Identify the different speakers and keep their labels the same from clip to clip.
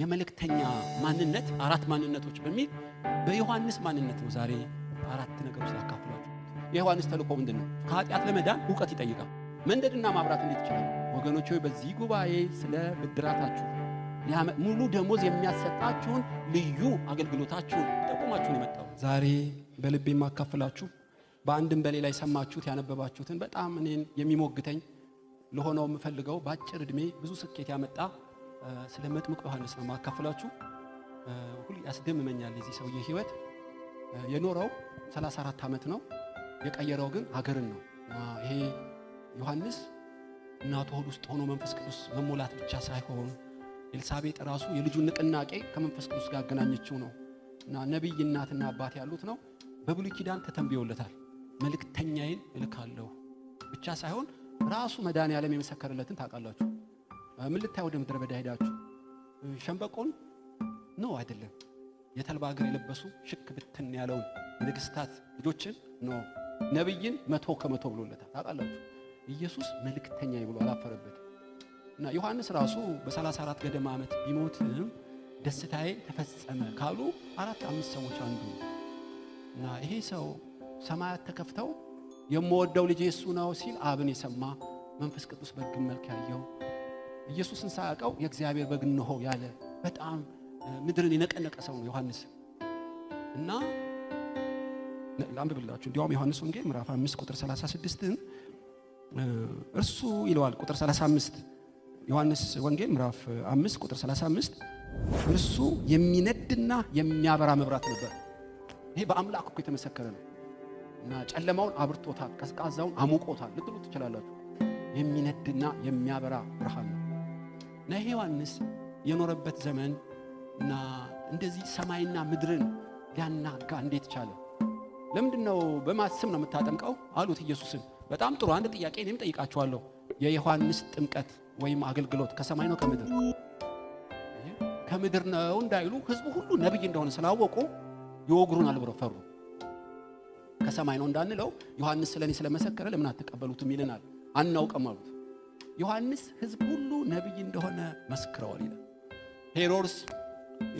Speaker 1: የመልእክተኛ ማንነት አራት ማንነቶች በሚል በዮሐንስ ማንነት ነው ዛሬ አራት ነገሮች ላካፍሏችሁ። የዮሐንስ ተልእኮ ምንድን ነው? ከኃጢአት ለመዳን እውቀት ይጠይቃል። መንደድና ማብራት እንዴት ይችላል? ወገኖች ሆይ በዚህ ጉባኤ ስለ ብድራታችሁ ሙሉ ደሞዝ የሚያሰጣችሁን ልዩ አገልግሎታችሁን ጠቁማችሁን የመጣው ዛሬ በልቤ የማካፍላችሁ በአንድም በሌላ የሰማችሁት ያነበባችሁትን በጣም እኔን የሚሞግተኝ ለሆነው የምፈልገው በአጭር ዕድሜ ብዙ ስኬት ያመጣ ስለ መጥምቅ ዮሐንስ ነው ማካፈላችሁ። ሁሉ ያስደምመኛል። የዚህ ሰውዬ ህይወት የኖረው 34 ዓመት ነው። የቀየረው ግን ሀገርን ነው። ይሄ ዮሐንስ እናቱ ሆድ ውስጥ ሆኖ መንፈስ ቅዱስ መሞላት ብቻ ሳይሆን ኤልሳቤጥ ራሱ የልጁን ንቅናቄ ከመንፈስ ቅዱስ ጋር አገናኘችው ነው እና ነቢይ እናትና አባት ያሉት ነው። በብሉይ ኪዳን ተተንብዮለታል። መልእክተኛዬን እልካለሁ ብቻ ሳይሆን ራሱ መድኃኔዓለም የመሰከረለትን ታውቃላችሁ። ምን ልታይ ወደ ምድረ በዳ ሄዳችሁ? ሸንበቆን ነው አይደለም። የተልባ እግር የለበሱ ሽክ ብትን ያለውን ንግስታት ልጆችን ነው። ነብይን መቶ ከመቶ ብሎለታል። ታውቃላችሁ ኢየሱስ መልእክተኛ ብሎ አላፈረበት እና ዮሐንስ ራሱ በ34 ገደማ ዓመት ቢሞትም ደስታዬ ተፈጸመ ካሉ አራት አምስት ሰዎች አንዱ እና ይሄ ሰው ሰማያት ተከፍተው የምወደው ልጅ የሱ ነው ሲል አብን የሰማ መንፈስ ቅዱስ በግም መልክ ያየው ኢየሱስን ሳያውቀው የእግዚአብሔር በግ እንሆ ያለ በጣም ምድርን የነቀነቀ ሰው ነው ዮሐንስ እና ብላችሁ እንዲያውም ዮሐንስ ወንጌል ምዕራፍ 5 ቁጥር 36ን እርሱ ይለዋል። ቁጥር 35 ዮሐንስ ወንጌል ምዕራፍ 5 ቁጥር 35 እርሱ የሚነድና የሚያበራ መብራት ነበር። ይሄ በአምላክ እኮ የተመሰከረ ነው እና ጨለማውን አብርቶታል፣ ቀዝቃዛውን አሙቆታል ልትሉ ትችላላችሁ። የሚነድና የሚያበራ ብርሃን ነው። እና ዮሐንስ የኖረበት ዘመን እና እንደዚህ ሰማይና ምድርን ሊያናጋ እንዴት ቻለ? ለምንድን ነው በማስም ነው የምታጠምቀው አሉት ኢየሱስን። በጣም ጥሩ አንድ ጥያቄ እኔም ጠይቃችኋለሁ። የዮሐንስ ጥምቀት ወይም አገልግሎት ከሰማይ ነው ከምድር? ከምድር ነው እንዳይሉ ህዝቡ ሁሉ ነቢይ እንደሆነ ስላወቁ ይወግሩናል ብለው ፈሩ። ከሰማይ ነው እንዳንለው ዮሐንስ ስለኔ ስለመሰከረ ለምን አትቀበሉትም ይልናል፣ አናውቅም አሉት። ዮሐንስ ህዝብ ሁሉ ነቢይ እንደሆነ መስክረዋል ይላል። ሄሮድስ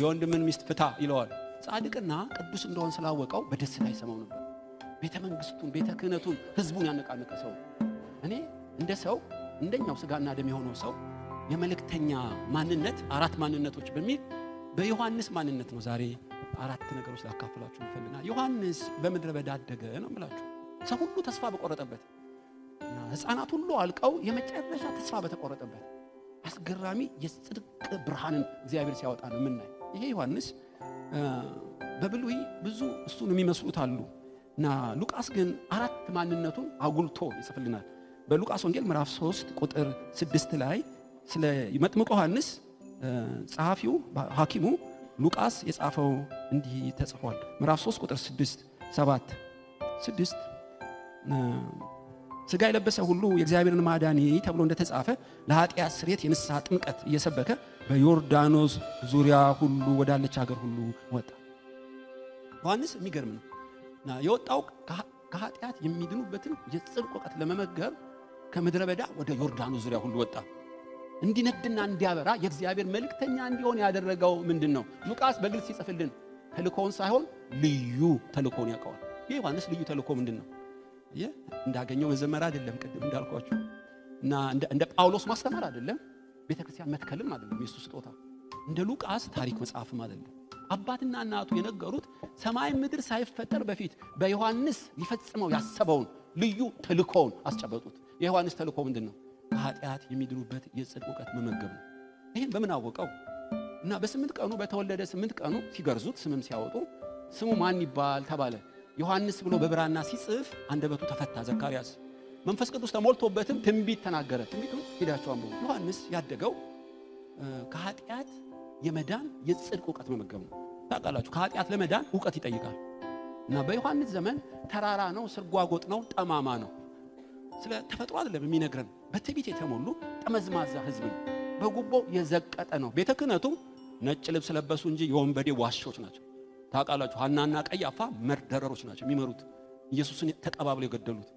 Speaker 1: የወንድምን ሚስት ፍታ ይለዋል። ጻድቅና ቅዱስ እንደሆነ ስላወቀው በደስታ ይሰማው ነበር። ቤተ መንግስቱን፣ ቤተ ክህነቱን፣ ህዝቡን ያነቃነቀ ሰው። እኔ እንደ ሰው እንደኛው ስጋና ደም የሆነው ሰው የመልእክተኛ ማንነት አራት ማንነቶች በሚል በዮሐንስ ማንነት ነው ዛሬ አራት ነገሮች ላካፍላችሁ ይፈልጋል። ዮሐንስ በምድረ በዳ አደገ ነው የምላችሁ። ሰው ሁሉ ተስፋ በቆረጠበት ህፃናት ሁሉ አልቀው የመጨረሻ ተስፋ በተቆረጠበት አስገራሚ የጽድቅ ብርሃንን እግዚአብሔር ሲያወጣ ነው የምናይ። ይሄ ዮሐንስ በብሉይ ብዙ እሱን የሚመስሉት አሉ እና ሉቃስ ግን አራት ማንነቱን አጉልቶ ይጽፍልናል። በሉቃስ ወንጌል ምዕራፍ 3 ቁጥር 6 ላይ ስለ መጥምቆ ዮሐንስ ጸሐፊው ሐኪሙ ሉቃስ የጻፈው እንዲህ ተጽፏል። ምዕራፍ 3 ቁጥር 6 7 6 ስጋ የለበሰ ሁሉ የእግዚአብሔርን ማዳን ይ ተብሎ እንደተጻፈ ለኃጢአት ስሬት የንስሐ ጥምቀት እየሰበከ በዮርዳኖስ ዙሪያ ሁሉ ወዳለች ሀገር ሁሉ ወጣ። ዮሐንስ የሚገርም ነው። የወጣው ከኃጢአት የሚድኑበትን የጽድቅ እውቀት ለመመገብ ከምድረ በዳ ወደ ዮርዳኖስ ዙሪያ ሁሉ ወጣ። እንዲነድና እንዲያበራ የእግዚአብሔር መልእክተኛ እንዲሆን ያደረገው ምንድን ነው? ሉቃስ በግልጽ ይጽፍልን፣ ተልኮውን ሳይሆን ልዩ ተልኮውን ያውቀዋል። የዮሐንስ ልዩ ተልኮ ምንድን ነው? እንዳገኘው መዘመር አይደለም፣ ቅድም እንዳልኳችሁ እና እንደ ጳውሎስ ማስተማር አይደለም፣ ቤተክርስቲያን መትከልም አይደለም፣ የሱ ስጦታ እንደ ሉቃስ ታሪክ መጽሐፍም አይደለም። አባትና እናቱ የነገሩት ሰማይ ምድር ሳይፈጠር በፊት በዮሐንስ ሊፈጽመው ያሰበውን ልዩ ተልኮውን አስጨበጡት። የዮሐንስ ተልኮ ምንድን ነው? ከኃጢአት የሚድኑበት የጽድቅ እውቀት መመገብ ነው። ይህን በምን አወቀው? እና በስምንት ቀኑ በተወለደ ስምንት ቀኑ ሲገርዙት ስምም ሲያወጡ ስሙ ማን ይባል ተባለ። ዮሐንስ ብሎ በብራና ሲጽፍ አንደበቱ ተፈታ። ዘካርያስ መንፈስ ቅዱስ ተሞልቶበትም ትንቢት ተናገረ። ትንቢቱ ሄዳቸው ዮሐንስ ያደገው ከኃጢአት የመዳን የጽድቅ እውቀት መመገብ ነው። ታውቃላችሁ፣ ከኃጢአት ለመዳን እውቀት ይጠይቃል። እና በዮሐንስ ዘመን ተራራ ነው፣ ስርጓጎጥ ነው፣ ጠማማ ነው። ስለ ተፈጥሮ አይደለም የሚነግረን። በትቢት የተሞሉ ጠመዝማዛ ህዝብ ነው። በጉቦ የዘቀጠ ነው። ቤተ ነጭ ልብስ ለበሱ እንጂ የወንበዴ ዋሾች ናቸው። ታውቃላችሁ፣ ሐናና ቀያፋ መርደረሮች ናቸው የሚመሩት ኢየሱስን ተቀባብለው የገደሉት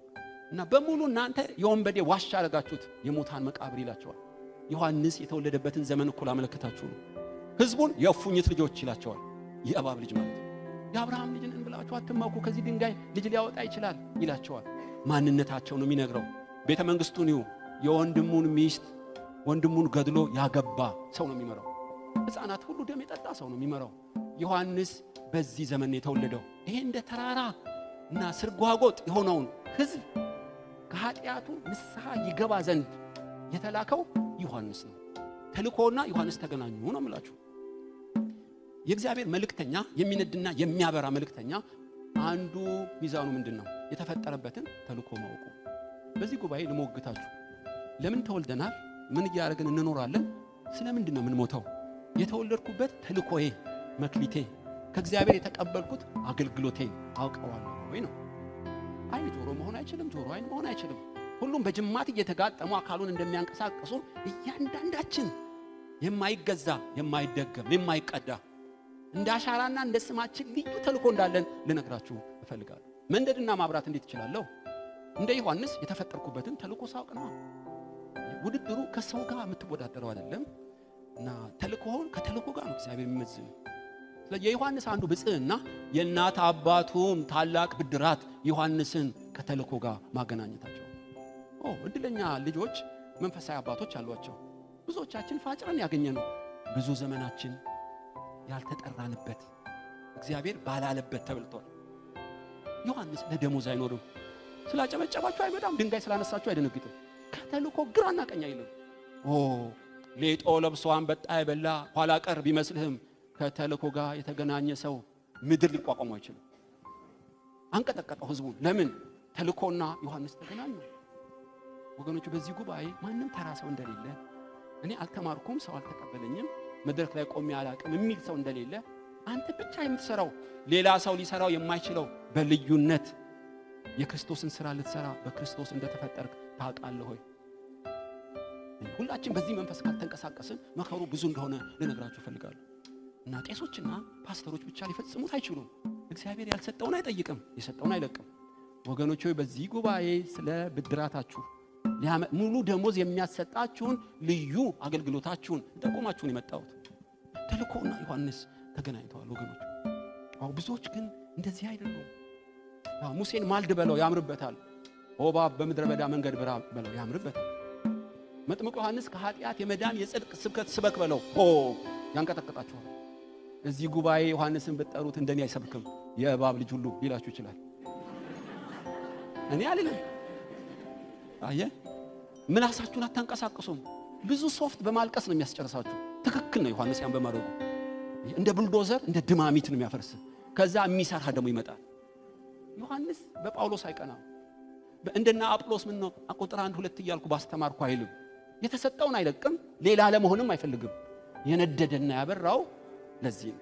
Speaker 1: እና በሙሉ እናንተ የወንበዴ ዋሻ አረጋችሁት፣ የሙታን መቃብር ይላቸዋል። ዮሐንስ የተወለደበትን ዘመን እኩል አመለከታችሁ ነው። ህዝቡን የእፉኝት ልጆች ይላቸዋል። የእባብ ልጅ ማለት የአብርሃም ልጅ ነን ብላችሁ አትመኩ፣ ከዚህ ድንጋይ ልጅ ሊያወጣ ይችላል ይላቸዋል። ማንነታቸው ነው የሚነግረው። ቤተ መንግስቱን ይሁ የወንድሙን ሚስት ወንድሙን ገድሎ ያገባ ሰው ነው የሚመራው። ህፃናት ሁሉ ደም የጠጣ ሰው ነው የሚመራው። ዮሐንስ በዚህ ዘመን የተወለደው ይሄ እንደ ተራራ እና ስርጓጎጥ የሆነውን ህዝብ ከኃጢአቱ ንስሐ ይገባ ዘንድ የተላከው ዮሐንስ ነው። ተልኮና ዮሐንስ ተገናኙ ነው የምላችሁ። የእግዚአብሔር መልእክተኛ የሚነድና የሚያበራ መልእክተኛ አንዱ ሚዛኑ ምንድን ነው? የተፈጠረበትን ተልኮ ማውቁ። በዚህ ጉባኤ ልሞግታችሁ፣ ለምን ተወልደናል? ምን እያደረግን እንኖራለን? ስለምንድን ነው የምንሞተው? የተወለድኩበት ተልኮዬ መክሊቴ ከእግዚአብሔር የተቀበልኩት አገልግሎቴ አውቀዋለሁ ወይ ነው። አይን ጆሮ መሆን አይችልም፣ ጆሮ አይን መሆን አይችልም። ሁሉም በጅማት እየተጋጠሙ አካሉን እንደሚያንቀሳቅሱ እያንዳንዳችን የማይገዛ የማይደገም የማይቀዳ እንደ አሻራና እንደ ስማችን ልዩ ተልእኮ እንዳለን ልነግራችሁ እፈልጋለሁ። መንደድና ማብራት እንዴት እችላለሁ? እንደ ዮሐንስ የተፈጠርኩበትን ተልእኮ ሳውቅ ነው። ውድድሩ ከሰው ጋር የምትወዳደረው አይደለም እና ተልእኮውን ከተልእኮ ጋር ነው እግዚአብሔር የሚመዝነው። የዮሐንስ አንዱ ብፅዕና የእናት አባቱም ታላቅ ብድራት ዮሐንስን ከተልኮ ጋር ማገናኘታቸው። እድለኛ ልጆች መንፈሳዊ አባቶች አሏቸው። ብዙዎቻችን ፋጭረን ያገኘ ነው። ብዙ ዘመናችን ያልተጠራንበት እግዚአብሔር ባላለበት ተብልቷል። ዮሐንስ ለደሞዝ አይኖርም። ስላጨበጨባችሁ አይመጣም። ድንጋይ ስላነሳችሁ አይደነግጥም። ከተልኮ ግራና ቀኝ አይልም። ሌጦ ለብሶ አንበጣ የበላ ኋላ ቀር ቢመስልህም ከተልእኮ ጋር የተገናኘ ሰው ምድር ሊቋቋሙ አይችልም። አንቀጠቀጠው ህዝቡ ለምን? ተልእኮና ዮሐንስ ተገናኙ። ወገኖቹ በዚህ ጉባኤ ማንም ተራ ሰው እንደሌለ እኔ አልተማርኩም፣ ሰው አልተቀበለኝም፣ መድረክ ላይ ቆሜ አላቅም የሚል ሰው እንደሌለ አንተ ብቻ የምትሰራው ሌላ ሰው ሊሰራው የማይችለው በልዩነት የክርስቶስን ስራ ልትሰራ በክርስቶስ እንደተፈጠርክ ታውቃለህ ሆይ። ሁላችን በዚህ መንፈስ ካልተንቀሳቀስን መከሩ ብዙ እንደሆነ ልነግራችሁ እፈልጋለሁ። እና ቄሶችና ፓስተሮች ብቻ ሊፈጽሙት አይችሉም። እግዚአብሔር ያልሰጠውን አይጠይቅም፣ የሰጠውን አይለቅም። ወገኖች ሆይ በዚህ ጉባኤ ስለ ብድራታችሁ ሙሉ ደሞዝ የሚያሰጣችሁን ልዩ አገልግሎታችሁን ጠቆማችሁን የመጣሁት ተልኮና ዮሐንስ ተገናኝተዋል። ወገኖች አው ብዙዎች ግን እንደዚህ አይደሉም። ሙሴን ማልድ በለው ያምርበታል። ኦባብ በምድረ በዳ መንገድ ብራ በለው ያምርበታል። መጥምቁ ዮሐንስ ከኃጢአት የመዳን የጽድቅ ስብከት ስበክ በለው ኦ ያንቀጠቅጣችኋል። እዚህ ጉባኤ ዮሐንስን ብትጠሩት እንደኔ አይሰብክም። የእባብ ልጅ ሁሉ ሊላችሁ ይችላል። እኔ አልልም። አየ ምላሳችሁን አታንቀሳቅሱም። ብዙ ሶፍት በማልቀስ ነው የሚያስጨርሳችሁ። ትክክል ነው ዮሐንስ ያን በማድረጉ እንደ ቡልዶዘር እንደ ድማሚት ነው የሚያፈርስ። ከዛ የሚሰራ ደግሞ ይመጣል። ዮሐንስ በጳውሎስ አይቀናም። እንደና አጵሎስ ምን ነው ቁጥር አንድ ሁለት እያልኩ ባስተማርኩ አይልም። የተሰጠውን አይለቅም። ሌላ ለመሆንም አይፈልግም። የነደደና ያበራው ለዚህ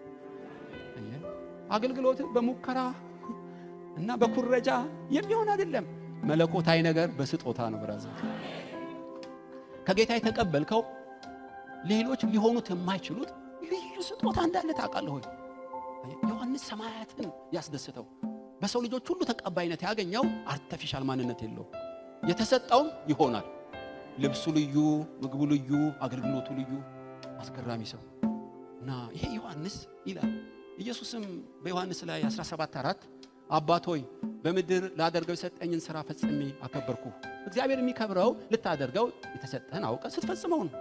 Speaker 1: ነው አገልግሎት በሙከራ እና በኩረጃ የሚሆን አይደለም። መለኮታዊ ነገር በስጦታ ነው። ብራዘር ከጌታ የተቀበልከው ሌሎች ሊሆኑት የማይችሉት ልዩ ስጦታ እንዳለ ታውቃለህ ሆይ ዮሐንስ ሰማያትን ያስደስተው በሰው ልጆች ሁሉ ተቀባይነት ያገኘው አርተፊሻል ማንነት የለው የተሰጠውም ይሆናል። ልብሱ ልዩ፣ ምግቡ ልዩ፣ አገልግሎቱ ልዩ። አስገራሚ ሰው እና ይሄ ዮሐንስ ይላል። ኢየሱስም በዮሐንስ ላይ 17 አራት አባት ሆይ በምድር ላደርገው የሰጠኝን ስራ ፈጽሜ አከበርኩ። እግዚአብሔር የሚከብረው ልታደርገው የተሰጠህን አውቀ ስትፈጽመው ነው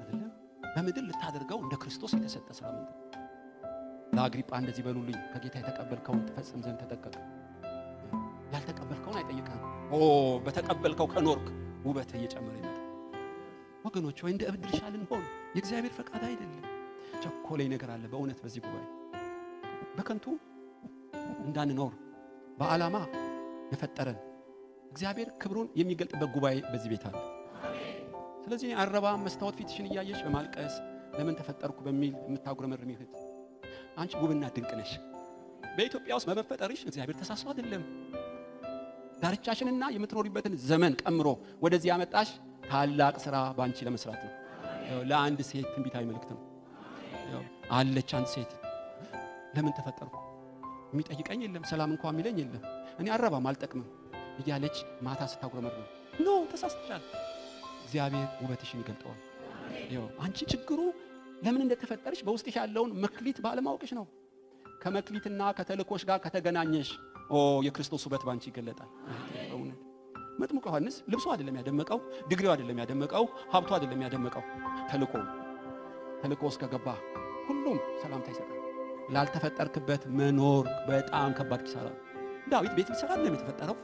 Speaker 1: አይደለም? በምድር ልታደርገው እንደ ክርስቶስ የተሰጠ ስራ ምንድን ለአግሪጳ እንደዚህ በሉልኝ ከጌታ የተቀበልከውን ትፈጽም ዘንድ ተጠቀቀ ያልተቀበልከውን አይጠይቅህም። ኦ በተቀበልከው ከኖርክ ውበት እየጨመረ ይመጣ ወገኖች ወይ እንደ እብድ ልሻልን ሆን የእግዚአብሔር ፈቃድ አይደለም። ቸኮለኝ ነገር አለ። በእውነት በዚህ ጉባኤ በከንቱ እንዳንኖር በዓላማ የፈጠረን እግዚአብሔር ክብሩን የሚገልጥበት ጉባኤ በዚህ ቤት አለ። ስለዚህ አረባ መስታወት ፊትሽን እያየሽ በማልቀስ ለምን ተፈጠርኩ በሚል የምታጉረመርም ይሁት አንቺ ጉብና ድንቅ ነሽ። በኢትዮጵያ ውስጥ በመፈጠርሽ እግዚአብሔር ተሳስቶ አይደለም ዳርቻሽንና የምትኖሪበትን ዘመን ቀምሮ ወደዚህ ያመጣሽ ታላቅ ስራ በአንቺ ለመስራት ነው። ለአንድ ሴት ትንቢታዊ መልእክት ነው። አለች አንድ ሴት ለምን ተፈጠርኩ የሚጠይቀኝ የለም፣ ሰላም እንኳ የሚለኝ የለም፣ እኔ አረባም አልጠቅምም እያለች ማታ ነው ኖ ተሳስተሻል። እግዚአብሔር ውበትሽን ይገልጠዋል። አንቺ ችግሩ ለምን እንደተፈጠርሽ በውስጥሽ ያለውን መክሊት ባለማወቅሽ ነው። ከመክሊትና ከተልኮሽ ጋር ከተገናኘሽ ኦ የክርስቶስ ውበት ባንቺ ይገለጣል። መጥሙቅ መጥምቁ ዮሐንስ አደለም አይደለም ያደመቀው፣ ድግሪው አይደለም ያደመቀው፣ ሀብቶ አይደለም ያደመቀው ተልኮ ተልኮ እስከገባ ሁሉም ሰላምታ ይሰጣል። ላልተፈጠርክበት መኖር በጣም ከባድ ኪሳራ ነው። ዳዊት ቤት ሊሰራ አይደለም የተፈጠረው።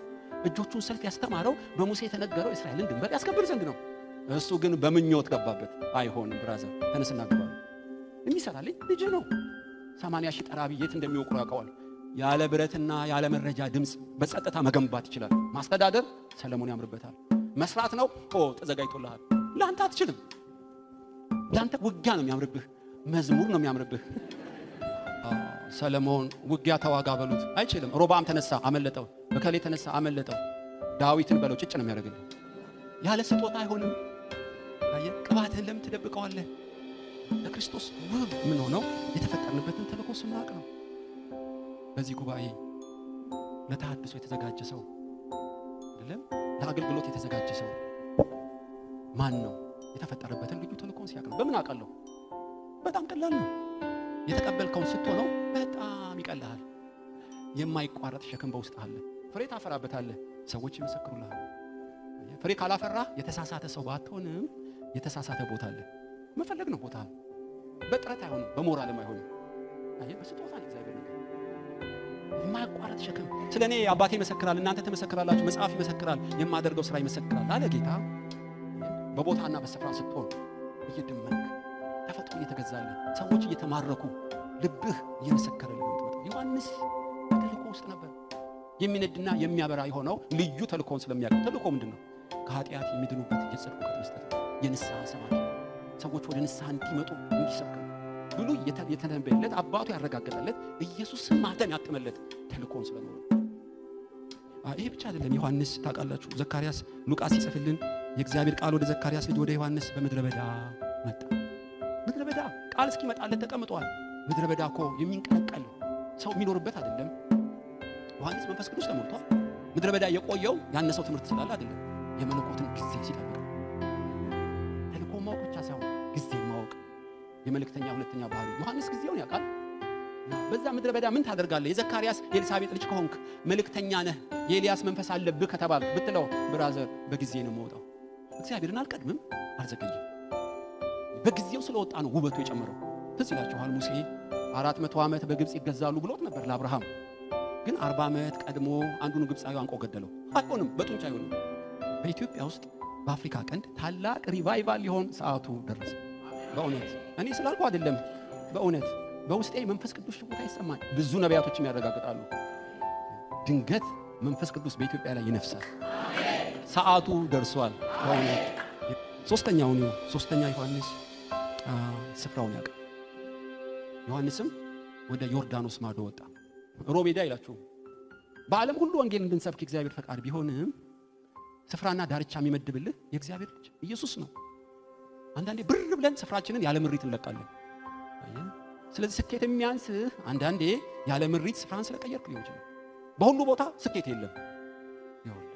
Speaker 1: እጆቹን ሰልፍ ያስተማረው በሙሴ የተነገረው እስራኤልን ድንበር ያስከብር ዘንድ ነው። እሱ ግን በምኞት ገባበት። አይሆንም ብራዘር ተነስና ግባ። የሚሰራልኝ ልጅ ነው። ሰማንያ ሺህ ጠራቢ የት እንደሚወቁሩ ያውቀዋል። ያለ ብረትና ያለ መረጃ ድምፅ በጸጥታ መገንባት ይችላል። ማስተዳደር ሰለሞን ያምርበታል። መስራት ነው። ኦ ተዘጋጅቶልሃል። ለአንተ አትችልም። ለአንተ ውጊያ ነው የሚያምርብህ፣ መዝሙር ነው የሚያምርብህ። ሰለሞን ውጊያ ተዋጋ በሉት አይችልም። ሮባም ተነሳ አመለጠው፣ በከሌ ተነሳ አመለጠው። ዳዊትን በለው ጭጭ ነው የሚያደርግል። ያለ ስጦታ አይሆንም። ቅባትህን ለምን ትደብቀዋለህ? ለክርስቶስ ውብ የምንሆነው የተፈጠርንበትን ተልእኮ ስናቅ ነው። በዚህ ጉባኤ ለተሃድሶ የተዘጋጀ ሰው አይደለም፣ ለአገልግሎት የተዘጋጀ ሰው ማን ነው? የተፈጠረበትን ልዩ እኮ ሲያውቅ በምን አውቃለሁ? በጣም ቀላል ነው። የተቀበልከውን ስትሆነው በጣም ይቀልሃል። የማይቋረጥ ሸክም በውስጥ አለ። ፍሬ ታፈራበታለህ። ሰዎች ይመሰክሩልሃል። ፍሬ ካላፈራ የተሳሳተ ሰው ባትሆንም የተሳሳተ ቦታ አለ። መፈለግ ነው ቦታ በጥረት አይሆንም፣ በሞራልም አይሆንም። አይ በስጦታ ነው እግዚአብሔር ሸክም። ስለ እኔ አባቴ ይመሰክራል፣ እናንተ ትመሰክራላችሁ፣ መጽሐፍ ይመሰክራል፣ የማደርገው ስራ ይመሰክራል አለ ጌታ። በቦታና በስፍራ ስትሆን እየደመቅ ተፈጥሮ እየተገዛልህ ሰዎች እየተማረኩ ልብህ እየመሰከረልህ ትመጣ። ዮሐንስ በተልኮ ውስጥ ነበር። የሚነድና የሚያበራ የሆነው ልዩ ተልኮውን ስለሚያቀር ተልኮ ምንድን ነው? ከኃጢአት የሚድኑበት የጽድቅ እውቀት መስጠት የንስሐ ስብከት ሰዎች ወደ ንስሐ እንዲመጡ እንዲሰብክ ብሉ የተተነበየለት አባቱ ያረጋገጠለት ኢየሱስ ማተም ያተመለት ተልኮውን ስለሆነ ይሄ ብቻ አይደለም። ዮሐንስ ታውቃላችሁ፣ ዘካርያስ ሉቃስ ይጽፍልን የእግዚአብሔር ቃል ወደ ዘካርያስ ልጅ ወደ ዮሐንስ በምድረ በዳ መጣ። ምድረ በዳ ቃል እስኪመጣለት ተቀምጧል። ምድረ በዳ እኮ የሚንቀለቀል ሰው የሚኖርበት አይደለም። ዮሐንስ መንፈስ ቅዱስ ተሞልቷል። ምድረ በዳ የቆየው ያነሰው ትምህርት ስላለ አይደለም። የመለኮትን ጊዜ ሲጠብቅ ተልኮ ማወቅ ብቻ ሳይሆን ጊዜ ማወቅ የመልእክተኛ ሁለተኛ ባህሪ። ዮሐንስ ጊዜውን ያውቃል። በዛ ምድረ በዳ ምን ታደርጋለህ? የዘካርያስ የኤልሳቤጥ ልጅ ከሆንክ መልእክተኛ ነህ፣ የኤልያስ መንፈስ አለብህ ከተባል ብትለው ብራዘር በጊዜ ነው መውጣው እግዚአብሔርን አልቀድምም፣ አልዘገይም። በጊዜው ስለወጣ ነው ውበቱ የጨመረው። ትዝ ይላችኋል ሙሴ አራት መቶ ዓመት በግብፅ ይገዛሉ ብሎት ነበር ለአብርሃም። ግን አርባ ዓመት ቀድሞ አንዱን ግብፃዊ አንቆ ገደለው። አይሆንም፣ በጡንቻ አይሆንም። በኢትዮጵያ ውስጥ በአፍሪካ ቀንድ ታላቅ ሪቫይቫል ሊሆን ሰዓቱ ደረሰ። በእውነት እኔ ስላልኩ አይደለም። በእውነት በውስጤ መንፈስ ቅዱስ ሽቦታ ይሰማል። ብዙ ነቢያቶችም ያረጋግጣሉ። ድንገት መንፈስ ቅዱስ በኢትዮጵያ ላይ ይነፍሳል። ሰዓቱ ደርሷል። በእውነት ሶስተኛውን ሶስተኛ ዮሐንስ ስፍራውን ያውቃል። ዮሐንስም ወደ ዮርዳኖስ ማዶ ወጣ። ሮሜ ሜዳ ይላችሁ በዓለም ሁሉ ወንጌል እንድንሰብክ እግዚአብሔር ፈቃድ ቢሆንም ስፍራና ዳርቻ የሚመድብልህ የእግዚአብሔር ልጅ ኢየሱስ ነው። አንዳንዴ ብር ብለን ስፍራችንን ያለ ምሪት እንለቃለን። ስለዚህ ስኬት የሚያንስ አንዳንዴ ያለ ምሪት ስፍራን ስለቀየርክ ሊሆን ይችላል። በሁሉ ቦታ ስኬት የለም።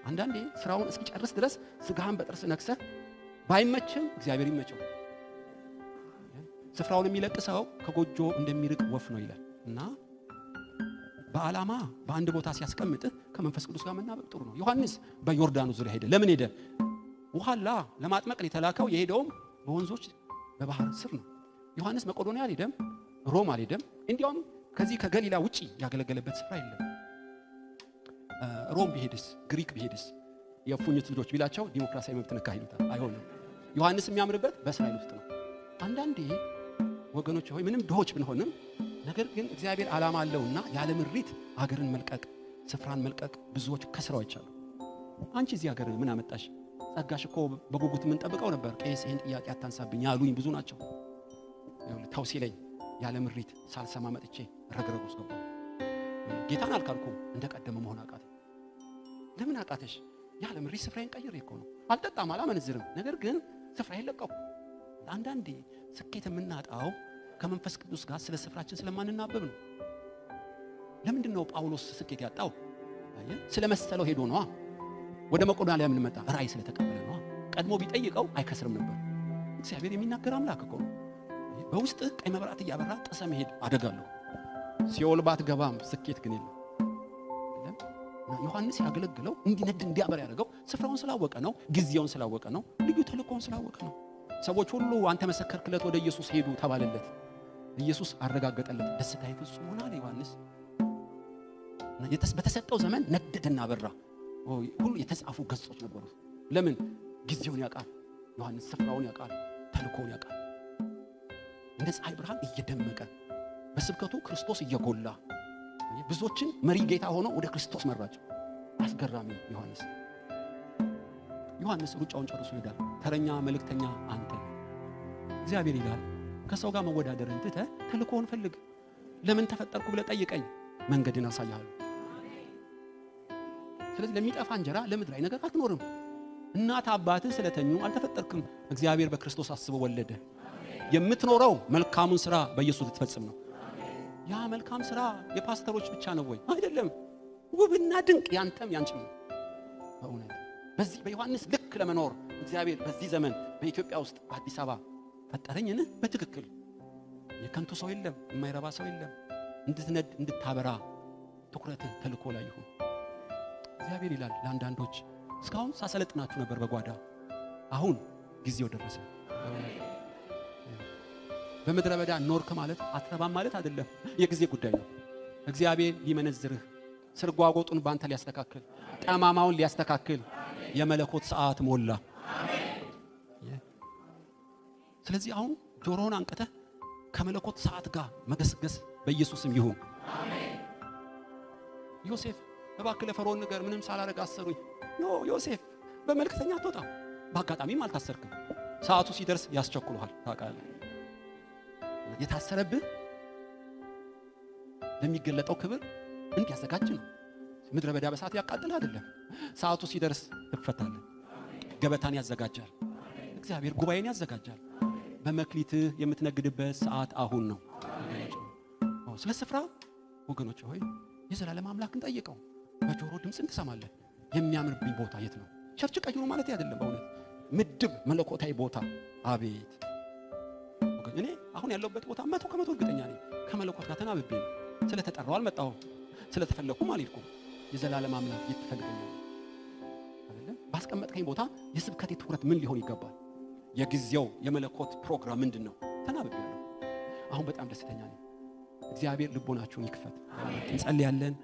Speaker 1: አንዳንዴ ስራውን እስኪጨርስ ድረስ ስጋህን በጥርስ ነክሰህ ባይመችም እግዚአብሔር ይመቸው። ስፍራውን የሚለቅ ሰው ከጎጆ እንደሚርቅ ወፍ ነው ይላል እና በዓላማ በአንድ ቦታ ሲያስቀምጥህ ከመንፈስ ቅዱስ ጋር መናበቅ ጥሩ ነው። ዮሐንስ በዮርዳኑ ዙሪያ ሄደ። ለምን ሄደ? ውሃላ ለማጥመቅ ነው የተላከው። የሄደውም በወንዞች በባህር ስር ነው። ዮሐንስ መቄዶንያ አልሄደም፣ ሮም አልሄደም። እንዲያውም ከዚህ ከገሊላ ውጪ ያገለገለበት ስፍራ የለም። ሮም ቢሄድስ ግሪክ ቢሄድስ የፉኝት ልጆች ቢላቸው ዲሞክራሲያዊ መብትን ካሂዱታል። አይሆንም። ዮሐንስ የሚያምርበት በእስራኤል ውስጥ ነው። አንዳንዴ ወገኖች ሆይ ምንም ድሆች ብንሆንም ነገር ግን እግዚአብሔር ዓላማ አለውና የዓለም ሪት አገርን መልቀቅ፣ ስፍራን መልቀቅ ብዙዎች ከስራው ይቻሉ። አንቺ እዚህ ሀገር ምን አመጣሽ? ጸጋሽ እኮ በጉጉት የምንጠብቀው ነበር። ቄስ ይህን ጥያቄ አታንሳብኝ ያሉኝ ብዙ ናቸው። ተው ሲለኝ ያለ ምሪት ሳልሰማ መጥቼ ረግረግ ውስጥ ገባ። ጌታን አልካልኩም፣ እንደ ቀደመ መሆን አቃት ለምን አቃተሽ? ያለ ምሪ ስፍራዬን ቀይሬ እኮ ነው። አልጠጣም፣ አላመነዝርም። ነገር ግን ስፍራዬን ለቀቁ። አንዳንዴ ስኬት የምናጣው ከመንፈስ ቅዱስ ጋር ስለ ስፍራችን ስለማንናበብ ነው። ለምንድን ነው ጳውሎስ ስኬት ያጣው? ስለ መሰለው ሄዶ ነዋ። ወደ መቆዶንያ ምን መጣ? ራእይ ስለተቀበለ ነዋ። ቀድሞ ቢጠይቀው አይከስርም ነበር። እግዚአብሔር የሚናገር አምላክ እኮ ነው። በውስጥ ቀይ መብራት እያበራ ጥሰ መሄድ አደጋለሁ። ሲኦል ባትገባም ስኬት ግን የለም። ዮሐንስ ያገለግለው እንዲነድ እንዲያበር ያደርገው ስፍራውን ስላወቀ ነው። ጊዜውን ስላወቀ ነው። ልዩ ተልእኮውን ስላወቀ ነው። ሰዎች ሁሉ አንተ መሰከርክለት፣ ወደ ኢየሱስ ሄዱ ተባለለት። ኢየሱስ አረጋገጠለት። ደስታዬ ፍጹም ሆነ አለ ዮሐንስ። በተሰጠው ዘመን ነደደና በራ። ሁሉ የተጻፉ ገጾች ነበሩት። ለምን? ጊዜውን ያውቃል ዮሐንስ፣ ስፍራውን ያውቃል፣ ተልእኮውን ያውቃል። እንደ ፀሐይ ብርሃን እየደመቀ በስብከቱ ክርስቶስ እየጎላ ብዙዎችን መሪ ጌታ ሆኖ ወደ ክርስቶስ መራጭ አስገራሚ ዮሐንስ ዮሐንስ ሩጫውን ጨርሶ ይሄዳል። ተረኛ መልእክተኛ አንተ እግዚአብሔር ይላል። ከሰው ጋር መወዳደርን እንትተ ተልኮውን ፈልግ። ለምን ተፈጠርኩ ብለ ጠይቀኝ፣ መንገድን አሳያለሁ። ስለዚህ ለሚጠፋ እንጀራ ለምድራዊ ነገር አትኖርም። እናት አባትህ ስለተኙ አልተፈጠርክም። እግዚአብሔር በክርስቶስ አስቦ ወለደ። የምትኖረው መልካሙን ስራ በኢየሱስ ልትፈጽም ነው። ያ መልካም ስራ የፓስተሮች ብቻ ነው ወይ? አይደለም። ውብና ድንቅ ያንተም ያንቺ ነው በእውነት በዚህ በዮሐንስ ልክ ለመኖር እግዚአብሔር በዚህ ዘመን በኢትዮጵያ ውስጥ በአዲስ አበባ ፈጠረኝን። በትክክል የከንቱ ሰው የለም፣ የማይረባ ሰው የለም። እንድትነድ እንድታበራ ትኩረትህ ተልኮ ላይ ይሁን። እግዚአብሔር ይላል ለአንዳንዶች እስካሁን ሳሰለጥናችሁ ነበር በጓዳ አሁን ጊዜው ደረሰ። በምድረ በዳ ኖርክ ማለት አትረባም ማለት አይደለም። የጊዜ ጉዳይ ነው። እግዚአብሔር ሊመነዝርህ፣ ስርጓጎጡን በአንተ ሊያስተካክል፣ ጠማማውን ሊያስተካክል የመለኮት ሰዓት ሞላ። ስለዚህ አሁን ጆሮውን አንቅተህ ከመለኮት ሰዓት ጋር መገስገስ በኢየሱስም ይሁን። ዮሴፍ እባክህ ለፈርዖን ንገር፣ ምንም ሳላደርግ አሰሩኝ። ኖ ዮሴፍ በመልክተኛ አትወጣም፣ በአጋጣሚም አልታሰርክም። ሰዓቱ ሲደርስ ያስቸኩልሃል ታውቃለህ። የታሰረብህ ለሚገለጠው ክብር እንዲያዘጋጅ ነው። ምድረ በዳ በሰዓት ያቃጥል አይደለም። ሰዓቱ ሲደርስ ትፈታለህ። ገበታን ያዘጋጃል እግዚአብሔር፣ ጉባኤን ያዘጋጃል። በመክሊትህ የምትነግድበት ሰዓት አሁን ነው። ስለ ስፍራ ወገኖች ሆይ የዘላለም አምላክን ጠይቀው። በጆሮ ድምፅ ትሰማለህ። የሚያምርብኝ ቦታ የት ነው? ቸርች ቀይሮ ማለት አይደለም። በእውነት ምድብ መለኮታዊ ቦታ አቤት ያልኩት። እኔ አሁን ያለሁበት ቦታ መቶ ከመቶ እርግጠኛ ነኝ ከመለኮት ጋር ተናብቤ ነው። ስለተጠራው አልመጣሁም፣ ስለተፈለግኩም አልሄድኩም። የዘላለም አምላክ የት ትፈልገኛለህ? ባስቀመጥከኝ ቦታ የስብከቴ ትኩረት ምን ሊሆን ይገባል? የጊዜው የመለኮት ፕሮግራም ምንድን ነው? ተናብቤ አሁን በጣም ደስተኛ ነኝ። እግዚአብሔር ልቦናችሁን ይክፈት። እንጸልያለን።